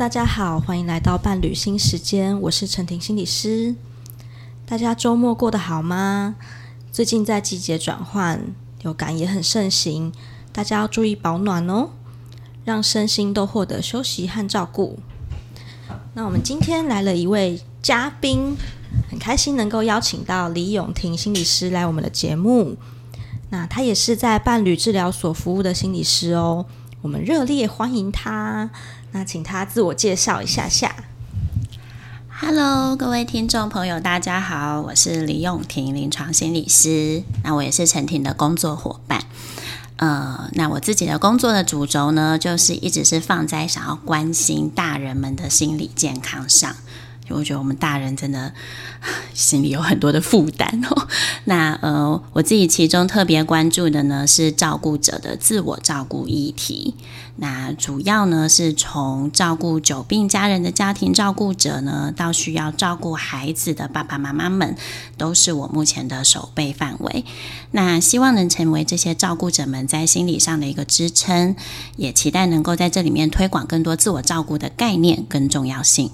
大家好，歡迎來到伴旅心時間，我是陳婷心理師。大家周末過得好嗎？最近在季節轉換，流感也很盛行，大家要注意保暖哦，讓身心都獲得休息和照顧。那我們今天來了一位嘉賓，很開心能夠邀請到李詠庭心理師來我們的節目。那他也是在伴旅治療所服務的心理師哦，我們熱烈歡迎他。那請他自我介紹一下下。Hello，各位聽眾朋友，大家好，我是李詠庭，臨床心理師。那我也是陳婷的工作夥伴。呃，那我自己的工作的主軸呢，就是一直是放在想要關心大人們的心理健康上。我覺得我們大人真的心裡有很多的負擔哦。那呃，我自己其中特別關注的呢是照顧者的自我照顧議題。那主要呢是從照顧久病家人的家庭照顧者呢，到需要照顧孩子的爸爸媽媽們，都是我目前的守備範圍。那希望能成為這些照顧者們在心理上的一個支撐，也期待能夠在這裡面推廣更多自我照顧的概念跟重要性。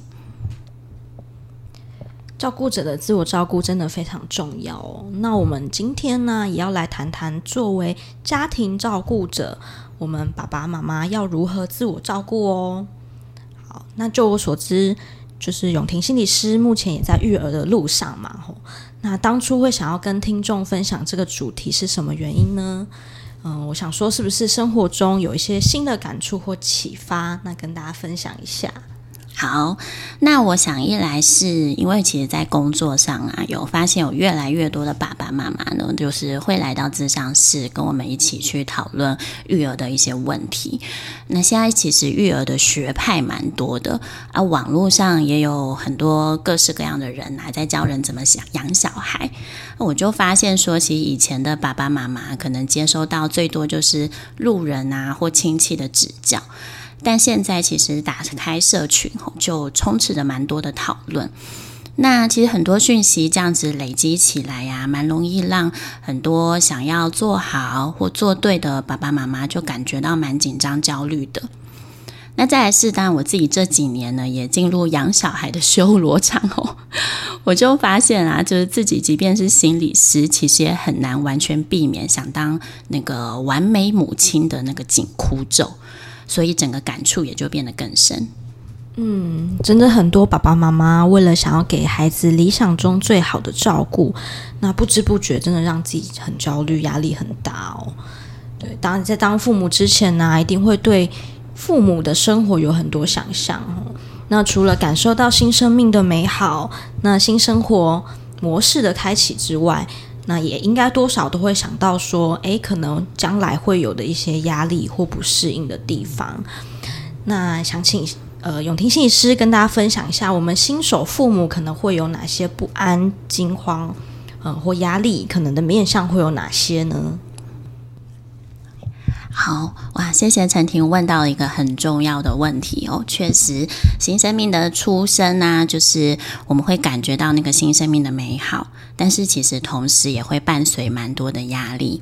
照顧者的自我照顧真的非常重要哦。那我們今天呢，也要來談談作為家庭照顧者，我們爸爸媽媽要如何自我照顧哦。好，那就我所知，就是詠庭心理師目前也在育兒的路上嘛。吼，那當初會想要跟聽眾分享這個主題是什麼原因呢？嗯，我想說，是不是生活中有一些新的感觸或啟發，那跟大家分享一下。好，那我想一來是因為，其實，在工作上啊，有發現有越來越多的爸爸媽媽呢，就是會來到諮商室，跟我們一起去討論育兒的一些問題。那現在其實育兒的學派蠻多的啊，網絡上也有很多各式各樣的人啊，在教人怎麼想養小孩。我就發現，說其實以前的爸爸媽媽，可能接收到最多就是路人啊或親戚的指教。但現在其實打開社群就充斥着蠻多的討論。那其實很多訊息這樣子累積起來呀、啊，蠻容易讓很多想要做好或做對的爸爸媽媽就感覺到蠻緊張、焦慮的。那再來是，當然我自己這幾年呢，也進入養小孩的修羅場、哦、我就發現啊，就是自己即便是心理師，其實也很難完全避免想當那個完美母親的那個緊箍咒。所以整個感觸也就變得更深。嗯，真的很多爸爸媽媽為了想要給孩子理想中最好的照顧，那不知不覺真的讓自己很焦慮、壓力很大哦。對，當你在當父母之前呢啊，一定會對父母的生活有很多想象哦。那除了感受到新生命的美好，那新生活模式的開啟之外。那也應該多少都會想到說，哎，可能將來會有的一些壓力或不適應的地方。那想請呃詠庭心理師跟大家分享一下，我們新手父母可能會有哪些不安、驚慌，嗯、呃，或壓力可能的面向會有哪些呢？好哇，謝謝陳婷問到一個很重要的問題哦。確實，新生命的出生啊，就是我們會感覺到那個新生命的美好，但是其實同時也會伴隨蠻多的壓力。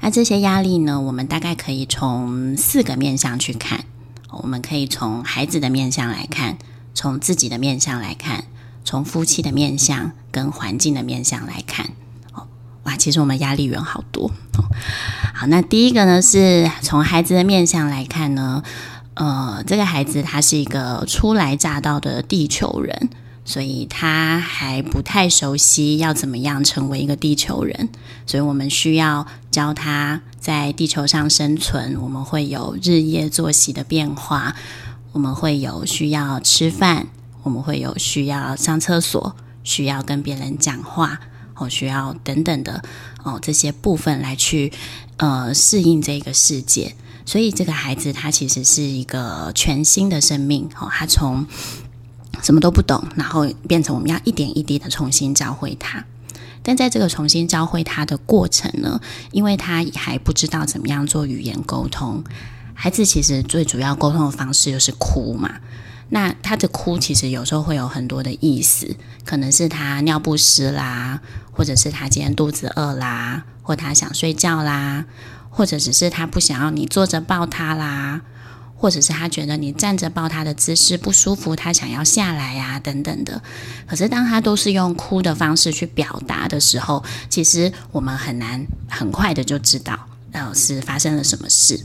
那、啊、這些壓力呢，我們大概可以從四個面向去看。我們可以從孩子的面向來看，從自己的面向來看，從夫妻的面向跟環境的面向來看。哇，其實我們壓力源好多。好，那第一個呢，是從孩子的面向來看呢，呃，這個孩子他是一個初來乍到的地球人，所以他還不太熟悉要怎麼樣成為一個地球人，所以我們需要教他在地球上生存。我們會有日夜作息的變化，我們會有需要吃飯，我們會有需要上廁所，需要跟別人講話。哦，需要等等的哦，這些部分來去呃適應這個世界，所以這個孩子他其實是一個全新的生命哦，他從什麼都不懂，然後變成我們要一點一滴的重新教會他。但在這個重新教會他的過程呢，因為他還不知道怎麼樣做語言溝通，孩子其實最主要溝通的方式就是哭嘛。那他的哭其實有時候會有很多的意思，可能是他尿布濕啦，或者是他今天肚子餓啦，或他想睡覺啦，或者只是他不想要你坐着抱他啦，或者是他覺得你站着抱他的姿勢不舒服，他想要下來呀、啊、等等的。可是當他都是用哭的方式去表達的時候，其實我們很難很快的就知道，呃，是發生了什麼事。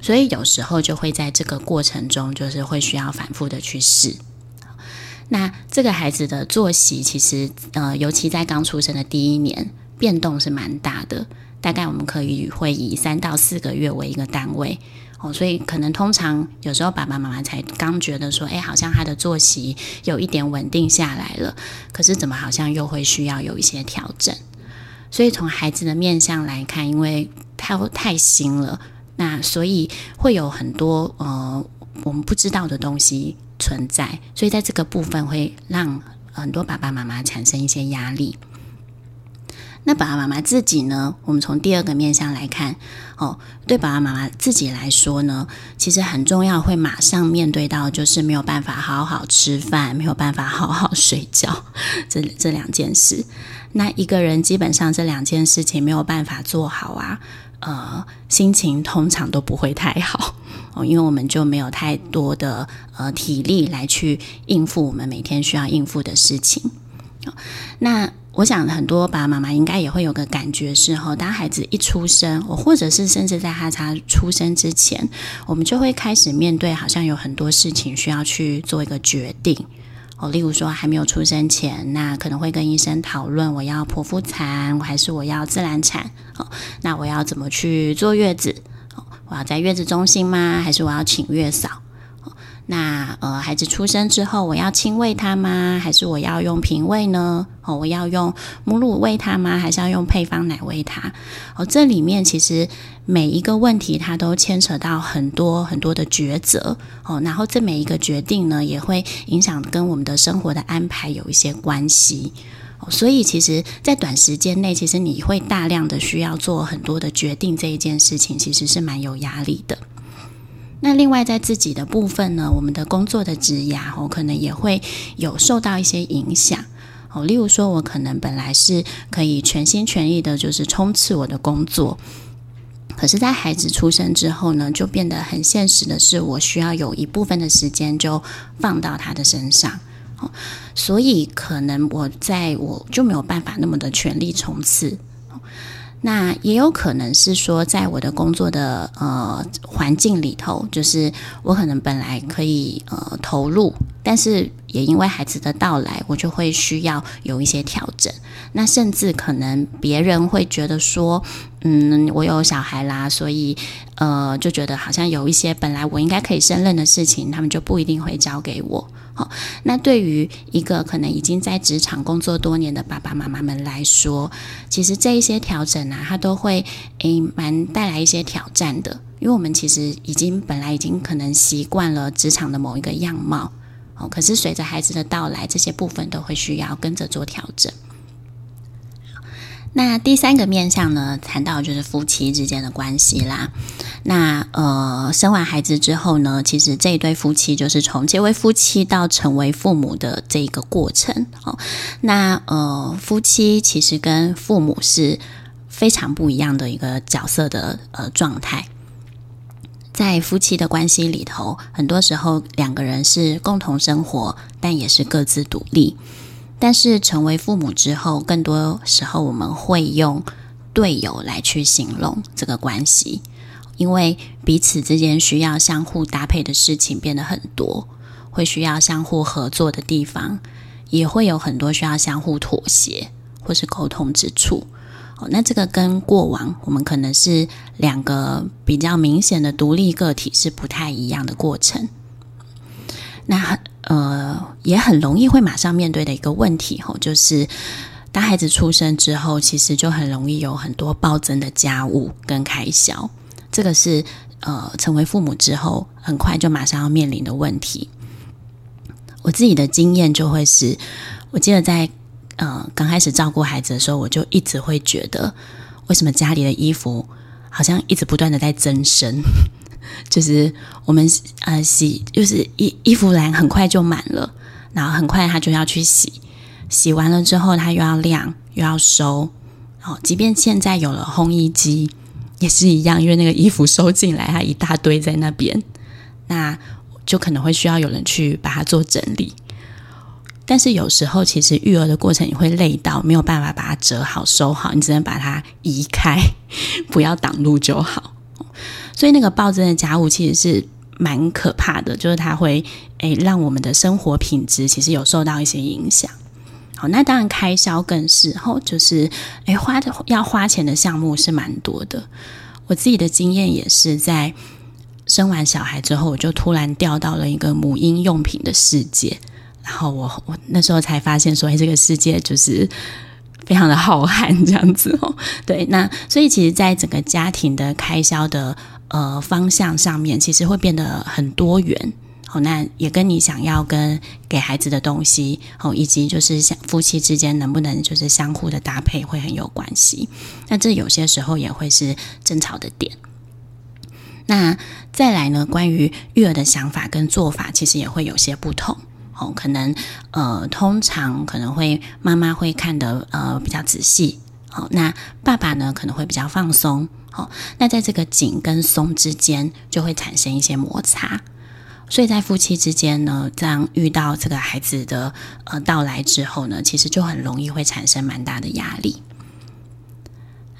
所以有時候就會在這個過程中，就是會需要反覆的去試。那這個孩子的作息其實，呃，尤其在剛出生的第一年，變動是蠻大的。大概我們可以會以三到四個月為一個單位，哦，所以可能通常有時候爸爸媽媽才剛覺得說，哎，好像他的作息有一點穩定下來了，可是怎麼好像又會需要有一些調整？所以從孩子的面向來看，因為太太新了。那所以會有很多呃我們不知道的東西存在，所以在這個部分會讓很多爸爸媽媽產生一些壓力。那爸爸媽媽自己呢？我們從第二個面向來看，哦，對爸爸媽媽自己來說呢，其實很重要，會馬上面對到就是沒有辦法好好吃飯，沒有辦法好好睡覺，這這兩件事。那一個人基本上這兩件事情沒有辦法做好啊。呃，心情通常都不會太好，哦，因為我們就沒有太多的呃體力來去應付我們每天需要應付的事情。哦，那我想很多爸爸媽媽應該也會有個感覺是，吼，哦，當孩子一出生，或者是甚至在他他出生之前，我們就會開始面對，好像有很多事情需要去做一個決定。哦，例如說還沒有出生前，那可能會跟醫生討論，我要剖腹產還是我要自然產？哦，那我要怎麼去坐月子？哦，我要在月子中心嗎？還是我要請月嫂？那呃，孩子出生之後，我要親餵他嗎？還是我要用瓶餵呢？哦，我要用母乳餵他嗎？還是要用配方奶餵他？哦，這裡面其實每一個問題，它都牽扯到很多很多的抉擇。哦，然後這每一個決定呢，也會影響跟我們的生活的安排有一些關係。哦，所以其實，在短時間內，其實你會大量的需要做很多的決定，這一件事情其實是蠻有壓力的。那另外在自己的部分呢，我們的工作的職涯，我可能也會有受到一些影響哦。例如說，我可能本來是可以全心全意的，就是衝刺我的工作，可是，在孩子出生之後呢，就變得很現實的是，我需要有一部分的時間就放到他的身上哦，所以可能我在我就沒有辦法那麼的全力衝刺。那也有可能是說，在我的工作的呃環境裡頭，就是我可能本來可以呃投入，但是也因為孩子的到來，我就會需要有一些調整。那甚至可能別人會覺得說，嗯，我有小孩啦，所以呃就覺得好像有一些本來我應該可以勝任的事情，他們就不一定會交給我。那對於一個可能已經在職場工作多年的爸爸媽媽們來說，其實這一些調整啊，它都會誒蠻帶來一些挑戰的，因為我們其實已經本來已經可能習慣了職場的某一個樣貌，哦，可是隨着孩子的到來，這些部分都會需要跟着做調整。那第三個面向呢，談到就是夫妻之間的關係啦。那呃，生完孩子之後呢，其實這一對夫妻就是從結為夫妻到成為父母的這一個過程。哦，那呃，夫妻其實跟父母是非常不一樣的一個角色的呃狀態。在夫妻的關係裡頭，很多時候兩個人是共同生活，但也是各自獨立。但是成為父母之後，更多時候我們會用隊友來去形容這個關係，因為彼此之間需要相互搭配的事情變得很多，會需要相互合作的地方，也會有很多需要相互妥協或是溝通之處。那這個跟過往我們可能是兩個比較明顯的獨立個體是不太一樣的過程。那很。呃，也很容易會馬上面對的一個問題吼，就是當孩子出生之後，其實就很容易有很多暴增的家務跟開銷，這個是呃成為父母之後很快就馬上要面臨的問題。我自己的經驗就會是，我記得在呃剛開始照顧孩子的時候，我就一直會覺得，為什麼家裡的衣服好像一直不斷地在增生。就是我們呃洗，就是衣衣服籃很快就滿了，然後很快他就要去洗，洗完了之後他又要晾，又要收。哦，即便現在有了烘衣機，也是一樣，因為那個衣服收進來，它一大堆在那邊，那就可能會需要有人去把它做整理。但是有時候其實育兒的過程你會累到，沒有辦法把它折好，收好，你只能把它移開，不要擋路就好。所以那個暴增的家務其實是蠻可怕的，就是它會誒、欸、讓我們的生活品質其實有受到一些影響。好，那當然開銷更是哦，就是誒、欸、花的要花錢的項目是蠻多的。我自己的經驗也是在生完小孩之後，我就突然掉到了一個母嬰用品的世界，然後我我那時候才發現說，誒、欸，這個世界就是非常的浩瀚這樣子哦。對，那所以其實在整個家庭的開銷的。呃，方向上面其實會變得很多元，好、哦，那也跟你想要跟給孩子的東西，好、哦，以及就是想夫妻之間能不能就是相互的搭配會很有關係。那這有些時候也會是爭吵的點。那再來呢，關於育兒的想法跟做法，其實也會有些不同，哦，可能呃，通常可能會媽媽會看得呃比較仔細。好、哦，那爸爸呢可能會比較放鬆。好、哦，那在這個緊跟鬆之間，就會產生一些摩擦。所以在夫妻之間呢，這樣遇到這個孩子的呃到來之後呢，其實就很容易會產生蠻大的壓力。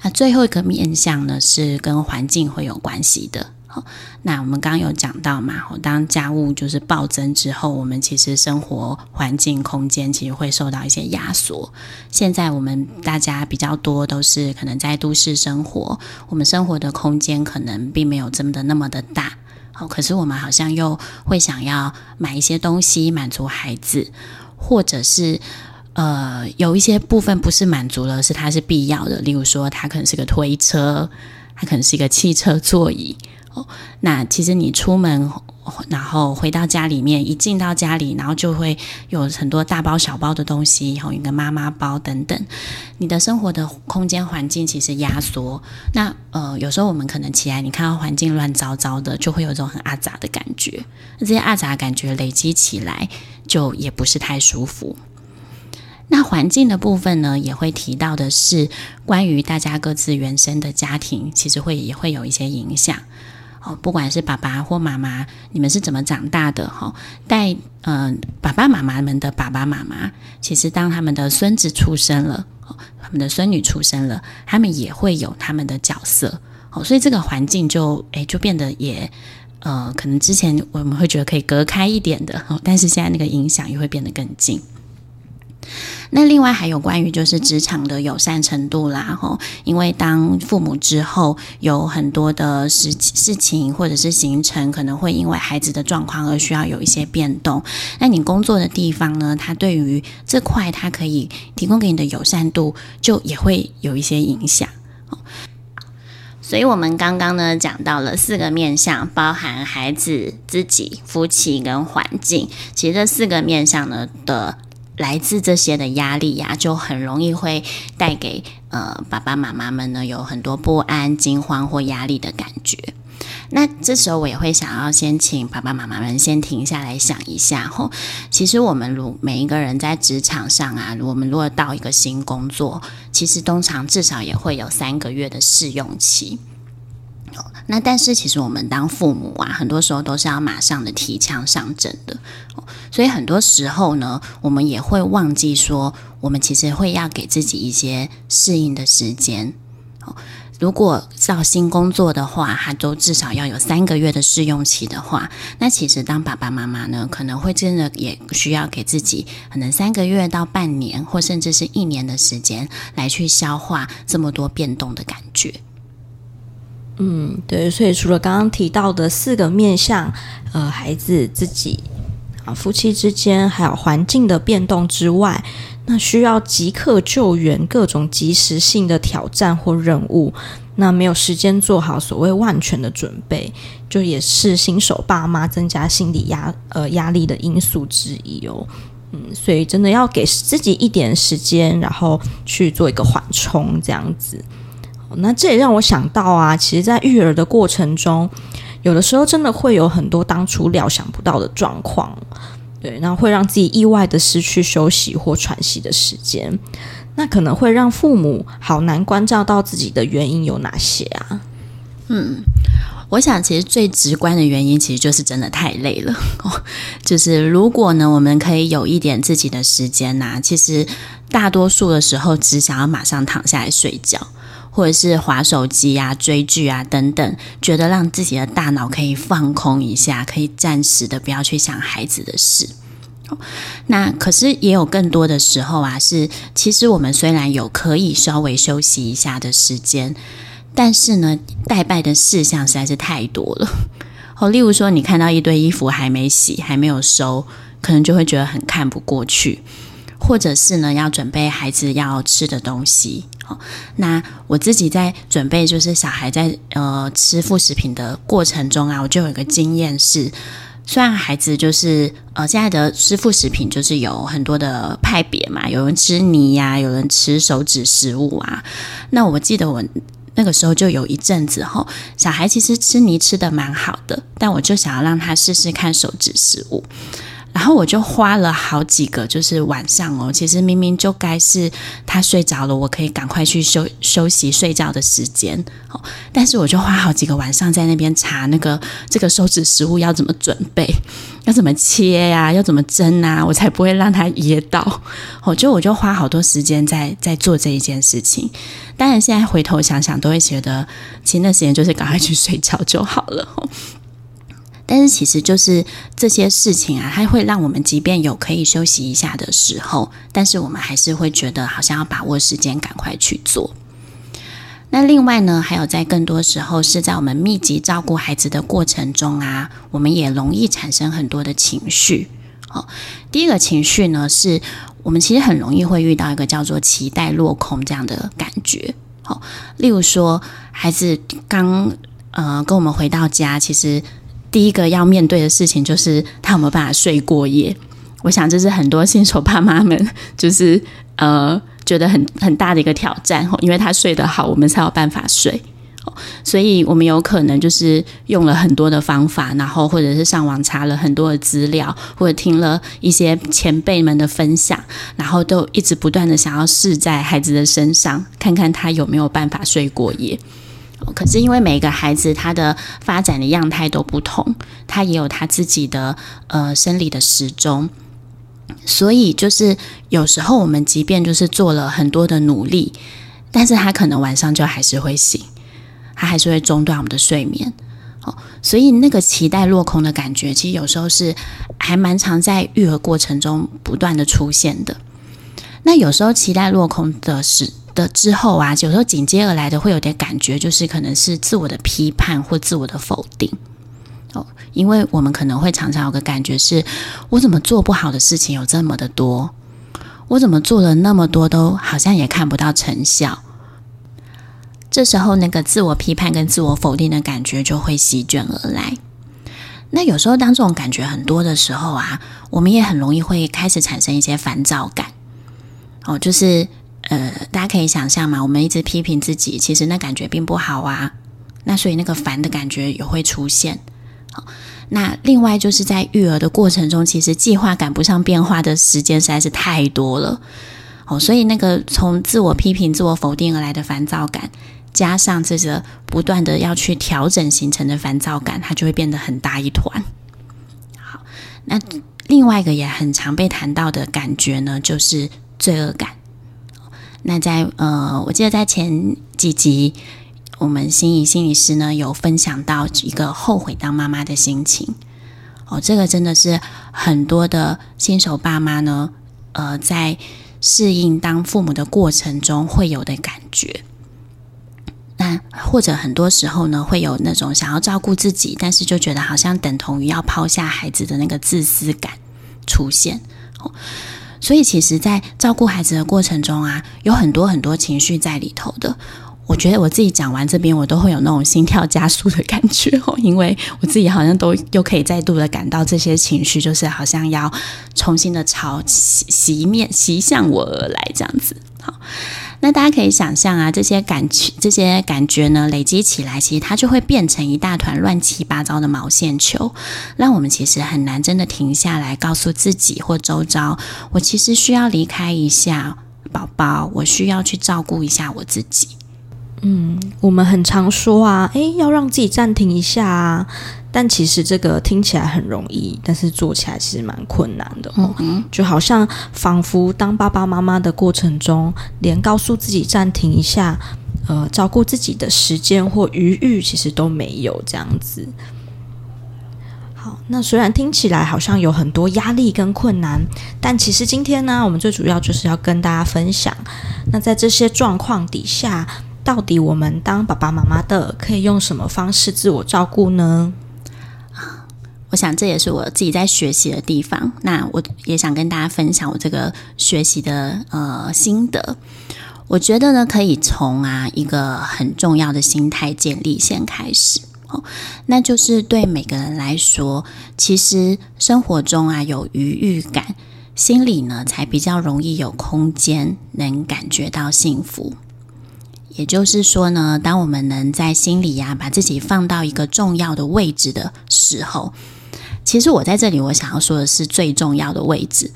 啊，最後一個面向呢，是跟環境會有關係的。好，那我們剛剛有講到嘛，當家務就是暴增之後，我們其實生活環境空間其實會受到一些壓縮。現在我們大家比較多都是可能在都市生活，我們生活的空間可能並沒有這麼的那麼的大。好，可是我們好像又會想要買一些東西滿足孩子，或者是呃有一些部分不是滿足了，是它是必要的。例如說，它可能是個推車，它可能是一個汽車座椅。那其實你出門，然後回到家裡面，一進到家裡，然後就會有很多大包小包的東西，然後一個媽媽包等等。你的生活的空間環境其實壓縮。那呃，有時候我們可能起來，你看到環境亂糟糟的，就會有一種很阿雜的感覺。這些阿雜的感覺累積起來，就也不是太舒服。那環境的部分呢，也會提到的是關於大家各自原生的家庭，其實會也會有一些影響。哦，不管是爸爸或媽媽，你們是怎麼長大的？哈、哦，帶嗯、呃，爸爸媽媽們的爸爸媽媽，其實當他們的孫子出生了，哦，他們的孫女出生了，他們也會有他們的角色。哦，所以這個環境就哎，就變得也呃，可能之前我們會覺得可以隔開一點的，哦，但是現在那個影響又會變得更近。那另外還有關於就是職場的友善程度啦，吼，因為當父母之後，有很多的事事情，或者是行程，可能會因為孩子的狀況而需要有一些變動。那你工作的地方呢？它對於這塊，它可以提供給你的友善度，就也會有一些影響。所以，我們剛剛呢講到了四個面向，包含孩子、自己、夫妻跟環境。其實這四個面向呢的。來自這些的壓力呀，就很容易會帶給呃爸爸媽媽們呢有很多不安、驚慌或壓力的感覺。那這時候我也會想要先請爸爸媽媽們先停下來想一下，哦，吼，其實我們如每一個人在職場上啊，如我們如果到一個新工作，其實通常至少也會有三個月的試用期。那但是其實我們當父母啊，很多時候都是要馬上的提槍上陣的，所以很多時候呢，我們也會忘記說，我們其實會要給自己一些適應的時間。哦，如果找新工作的話，他都至少要有三個月的試用期的話，那其實當爸爸媽媽呢，可能會真的也需要給自己可能三個月到半年，或甚至是一年的時間，來去消化這麼多變動的感覺。嗯，對，所以除了剛剛提到的四個面向，呃，孩子自己啊，夫妻之間，還有環境的變動之外，那需要即刻救援各種即時性的挑戰或任務，那沒有時間做好所謂萬全的準備，就也是新手爸媽增加心理壓呃壓力的因素之一哦。嗯，所以真的要給自己一點時間，然後去做一個緩衝，這樣子。那這也讓我想到啊，其實，在育兒的過程中，有的時候真的會有很多當初料想不到的狀況，對，那會讓自己意外的失去休息或喘息的時間，那可能會讓父母好難關照到自己的原因有哪些啊？嗯，我想其實最直觀的原因其實就是真的太累了， 就是如果呢，我們可以有一點自己的時間吶、啊，其實大多數的時候只想要馬上躺下來睡覺。或者是滑手機啊、追劇啊等等，覺得讓自己的大腦可以放空一下，可以暫時的不要去想孩子的事。那可是也有更多的時候啊，是其實我們雖然有可以稍微休息一下的時間，但是呢，待辦的事項實在是太多了。哦，例如說，你看到一堆衣服還沒洗、還沒有收，可能就會覺得很看不過去。或者是呢，要準備孩子要吃的東西。那我自己在準備，就是小孩在呃吃副食品的過程中啊，我就有一個經驗是，雖然孩子就是呃現在的吃副食品就是有很多的派別嘛，有人吃泥呀，有人吃手指食物啊。那我記得我那個時候就有一陣子，吼，小孩其實吃泥吃得蠻好的，但我就想要讓他試試看手指食物。然後我就花了好幾個，就是晚上哦，其實明明就該是他睡着了，我可以趕快去休休息、睡覺的時間哦。但是我就花好幾個晚上在那邊查那個這個手指食物要怎麼準備，要怎麼切呀、啊，要怎麼蒸啊，我才不會讓他噎到。哦，就我就花好多時間在在做這一件事情。當然現在回頭想想，都會覺得，其實那時間就是趕快去睡覺就好了。但是其實就是這些事情啊，它會讓我們即便有可以休息一下的時候，但是我們還是會覺得好像要把握時間，趕快去做。那另外呢，還有在更多時候是在我們密集照顧孩子的過程中啊，我們也容易產生很多的情緒。好、哦，第一個情緒呢，是我們其實很容易會遇到一個叫做期待落空這樣的感覺。好、哦，例如說孩子剛呃跟我們回到家，其實。第一個要面對的事情就是他有沒有辦法睡過夜。我想這是很多新手爸媽們就是呃覺得很很大的一個挑戰，因為他睡得好，我們才有辦法睡。所以我們有可能就是用了很多的方法，然後或者是上網查了很多的資料，或者聽了一些前輩們的分享，然後都一直不斷地想要試在孩子的身上，看看他有沒有辦法睡過夜。可是，因為每個孩子他的發展的樣態都不同，他也有他自己的呃生理的時鐘，所以就是有時候我們即便就是做了很多的努力，但是他可能晚上就還是會醒，他還是會中斷我們的睡眠。哦，所以那個期待落空的感覺，其實有時候是還蠻常在育兒過程中不斷的出現的。那有時候期待落空的時的，的之後啊，有時候緊接而來的會有點感覺，就是可能是自我的批判或自我的否定哦，因為我們可能會常常有個感覺是，我怎麼做不好的事情有這麼的多，我怎麼做了那麼多都好像也看不到成效，這時候那個自我批判跟自我否定的感覺就會席卷而來。那有時候當這種感覺很多的時候啊，我們也很容易會開始產生一些煩躁感。哦，就是呃，大家可以想象嘛，我們一直批評自己，其實那感覺並不好啊。那所以那個煩的感覺也會出現。好、哦，那另外就是在育兒的過程中，其實計劃趕不上變化的時間實在是太多了。哦，所以那個從自我批評、自我否定而來的煩躁感，加上這個不斷的要去調整形成的煩躁感，它就會變得很大一團。好、哦，那另外一個也很常被談到的感覺呢，就是。罪惡感，那在呃，我記得在前幾集，我們心怡心理師呢有分享到一個後悔當媽媽的心情哦，這個真的是很多的新手爸媽呢，呃，在適應當父母的過程中會有的感覺。那或者很多時候呢，會有那種想要照顧自己，但是就覺得好像等同於要拋下孩子的那個自私感出現。哦所以，其實在照顧孩子的過程中啊，有很多很多情緒在裡頭的。我覺得我自己講完這邊，我都會有那種心跳加速的感覺哦，因為我自己好像都又可以再度的感到這些情緒，就是好像要重新的潮汐襲面襲向我而來這樣子。好，那大家可以想象啊，這些感情、這些感覺呢累積起來，其實它就會變成一大團亂七八糟的毛線球，讓我們其實很難真的停下來，告訴自己或周遭，我其實需要離開一下，寶寶，我需要去照顧一下我自己。嗯，我們很常說啊，誒，要讓自己暫停一下啊。但其實這個聽起來很容易，但是做起來其實蠻困難的哦。嗯哼。就好像仿佛當爸爸媽媽的過程中，連告訴自己暫停一下，呃，照顧自己的時間或餘裕，其實都沒有這樣子。好，那雖然聽起來好像有很多壓力跟困難，但其實今天呢，我們最主要就是要跟大家分享，那在這些狀況底下。到底我們當爸爸媽媽的可以用什麼方式自我照顧呢？啊，我想這也是我自己在學習的地方。那我也想跟大家分享我這個學習的呃心得。我覺得呢，可以從啊一個很重要的心態建立先開始哦，那就是對每個人來說，其實生活中啊有餘裕感，心裡呢才比較容易有空間，能感覺到幸福。也就是說呢，當我們能在心裡呀、啊，把自己放到一個重要的位置的時候，其實我在這裡，我想要說的是最重要的位置。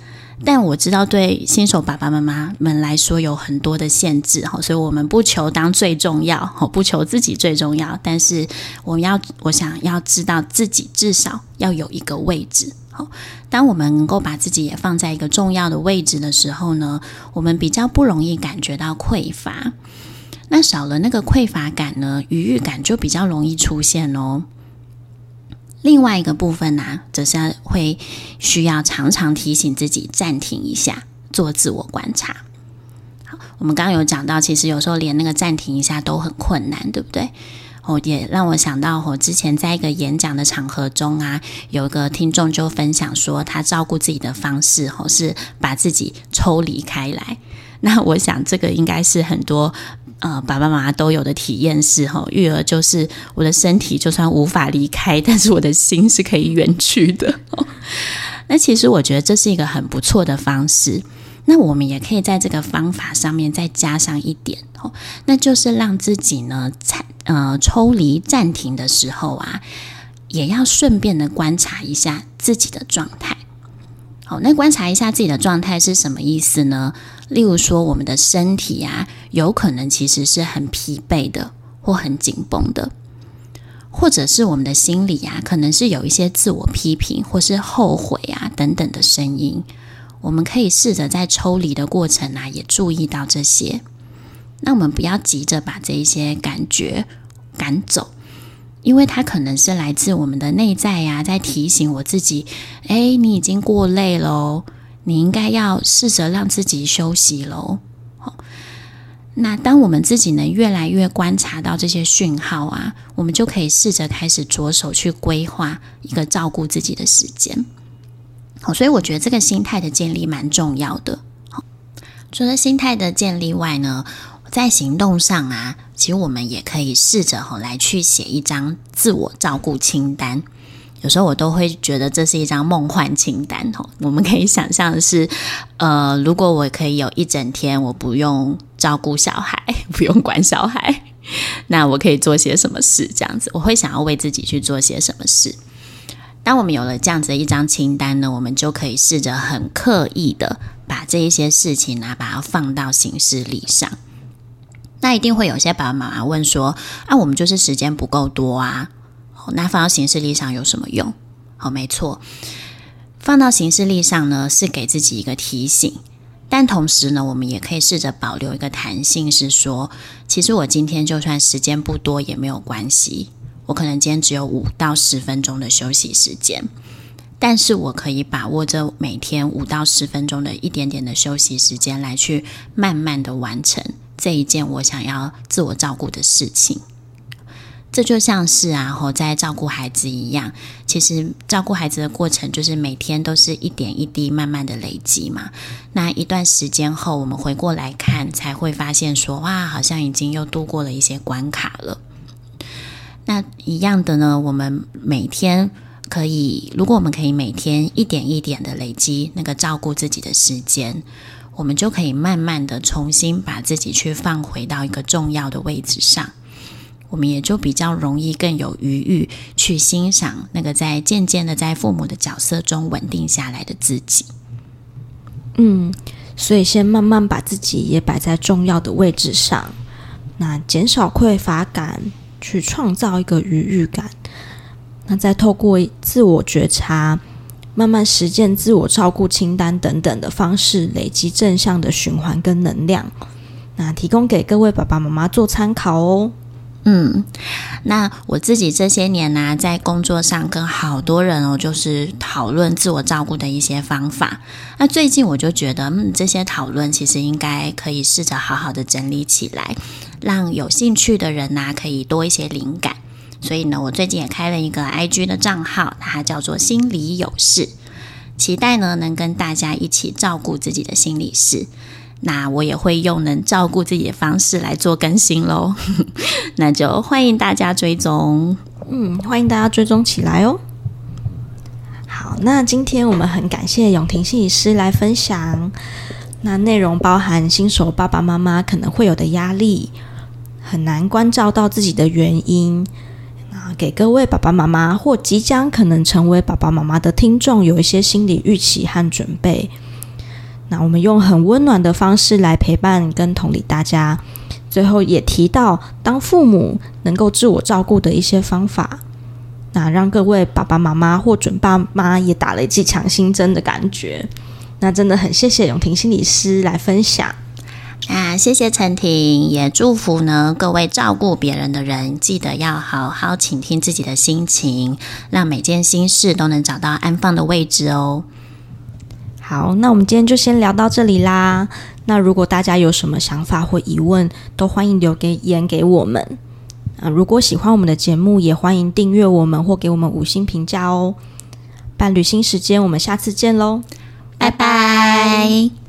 但我知道對新手爸爸媽媽們來說有很多的限制哈，所以我們不求當最重要，不求自己最重要，但是我要我想要知道自己至少要有一個位置。好，當我們能夠把自己也放在一個重要的位置的時候呢，我們比較不容易感覺到匱乏。那少了那個匱乏感呢，愉悅感就比較容易出現哦。另外一個部分呢、啊，則是會需要常常提醒自己暫停一下，做自我觀察。好，我們剛剛有講到，其實有時候連那個暫停一下都很困難，對不對？哦，也讓我想到，我、哦、之前在一個演講的場合中啊，有一個聽眾就分享說，他照顧自己的方式，吼、哦、是把自己抽離開來。那我想，這個應該是很多。呃，爸爸媽媽都有的體驗是哈，育兒就是我的身體就算無法離開，但是我的心是可以遠去的。 那其實我覺得這是一個很不錯的方式。那我們也可以在這個方法上面再加上一點哦，那就是讓自己呢呃抽離暫停的時候啊，也要順便的觀察一下自己的狀態。好、哦，那觀察一下自己的狀態是什麼意思呢？例如說，我們的身體呀，有可能其實是很疲憊的，或很緊繃的，或者是我們的心理呀，可能是有一些自我批評或是後悔啊等等的聲音。我們可以試着在抽離的過程啊，也注意到這些。那我們不要急着把這一些感覺趕走，因為它可能是來自我們的內在呀，在提醒我自己：誒，你已經過累嘍。你應該要試着讓自己休息嘍。好，那當我們自己能越來越觀察到這些訊號啊，我們就可以試着開始着手去規劃一個照顧自己的時間。好，所以我覺得這個心態的建立蠻重要的。好，除了心態的建立外呢，在行動上啊，其實我們也可以試着吼，來去寫一張自我照顧清單。有時候我都會覺得這是一張夢幻清單哦。我們可以想象的是，呃，如果我可以有一整天，我不用照顧小孩，不用管小孩，那我可以做些什麼事？這樣子，我會想要為自己去做些什麼事。當我們有了這樣子的一張清單呢，我們就可以試着很刻意的把這一些事情啊，把它放到行事曆上。那一定會有些爸爸媽媽問說：“啊，我們就是時間不夠多啊。”那放到行事曆上有什麼用？好、哦，沒錯，放到行事曆上呢，是給自己一個提醒。但同時呢，我們也可以試着保留一個彈性，是說，其實我今天就算時間不多也沒有關係。我可能今天只有五到十分鐘的休息時間，但是我可以把握著每天五到十分鐘的一點點的休息時間，來去慢慢的完成這一件我想要自我照顧的事情。這就像是啊，我在照顧孩子一樣。其實照顧孩子的過程，就是每天都是一點一滴慢慢的累積嘛。那一段時間後，我們回過來看，才會發現說，哇，好像已經又度過了一些關卡了。那一樣的呢，我們每天可以，如果我們可以每天一點一點的累積那個照顧自己的時間，我們就可以慢慢的重新把自己去放回到一個重要的位置上。我們也就比較容易更有餘裕去欣賞那個在漸漸的在父母的角色中穩定下來的自己。嗯，所以先慢慢把自己也擺在重要的位置上，那減少匱乏感，去創造一個餘裕感。那再透過自我覺察，慢慢實踐自我照顧清單等等的方式，累積正向的循環跟能量。那提供給各位爸爸媽媽做參考哦。嗯，那我自己這些年呢，在工作上跟好多人哦，就是討論自我照顧的一些方法。那最近我就覺得，嗯，這些討論其實應該可以試着好好的整理起來，讓有興趣的人呢，可以多一些靈感。所以呢，我最近也開了一個 IG 的賬號，它叫做“心裡有事”，期待呢能跟大家一起照顧自己的心理事。那我也會用能照顧自己的方式來做更新嘍， 那就歡迎大家追蹤，嗯，歡迎大家追蹤起來哦。好，那今天我們很感謝詠庭心理師來分享，那內容包含新手爸爸媽媽可能會有的壓力，很難關照到自己的原因，那給各位爸爸媽媽或即將可能成為爸爸媽媽的聽眾有一些心理預期和準備。那我們用很溫暖的方式來陪伴跟同理大家，最後也提到當父母能夠自我照顧的一些方法，那讓各位爸爸媽媽或準爸媽也打了一劑強心針的感覺。那真的很謝謝詠庭心理師來分享，那、啊、謝謝陳婷，也祝福呢各位照顧別人的人，記得要好好傾聽自己的心情，讓每件心事都能找到安放的位置哦。好，那我們今天就先聊到這裡啦。那如果大家有什麼想法、或疑問，都歡迎留給言給我們。啊，如果喜歡我們的節目，也歡迎訂閱我們或給我們五星評價哦。伴旅行時間，我們下次見嘍，拜拜。拜拜。